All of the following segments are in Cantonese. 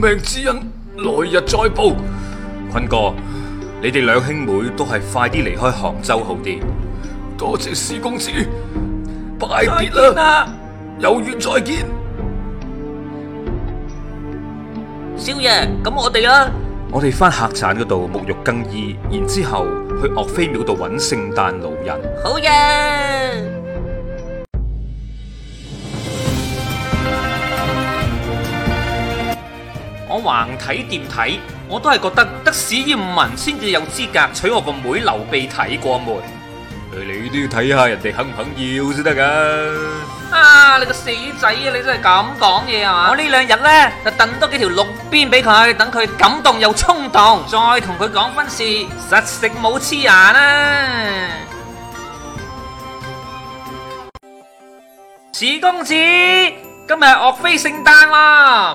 命之恩，來日再報。坤哥，你哋兩兄妹都係快啲離開杭州好啲。多謝施公子，拜別啦，有緣再見。少爺，咁我哋啦。我哋翻客棧嗰度沐浴更衣，然之後去岳飛廟度搵聖誕老人。好嘢。我橫睇掂睇，我都係覺得得史艷文先至有資格娶我個妹。劉備睇過門，你都要睇下人哋肯唔肯要先得噶。啊！你個死仔啊！你真係咁講嘢係嘛？我呢兩日呢就等多幾條鹿鞭俾佢，等佢感動又衝動，再同佢講婚事，實食冇黐牙啦。史公子，今日岳飛聖誕啦！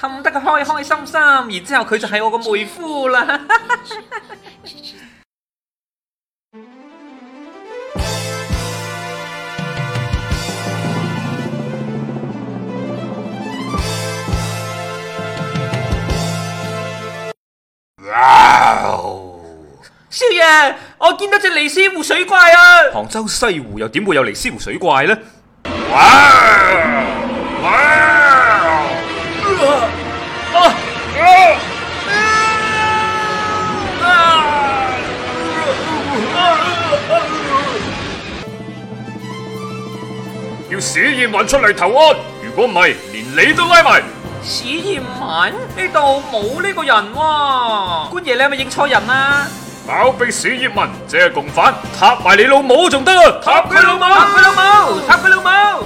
氹得佢開開心心，然之後佢就係我個妹夫啦、 哦。少爺，我見到隻尼斯湖水怪啊！杭州西湖又點會有尼斯湖水怪呢？史艷文出嚟投案，如果唔係，連你都拉埋。史艷文呢度冇呢個人喎、啊，官爺你係咪認錯人啊？包庇史艷文，即係共犯，塔埋你老母仲得啊！塔佢老母，塔佢老母，塔佢老母。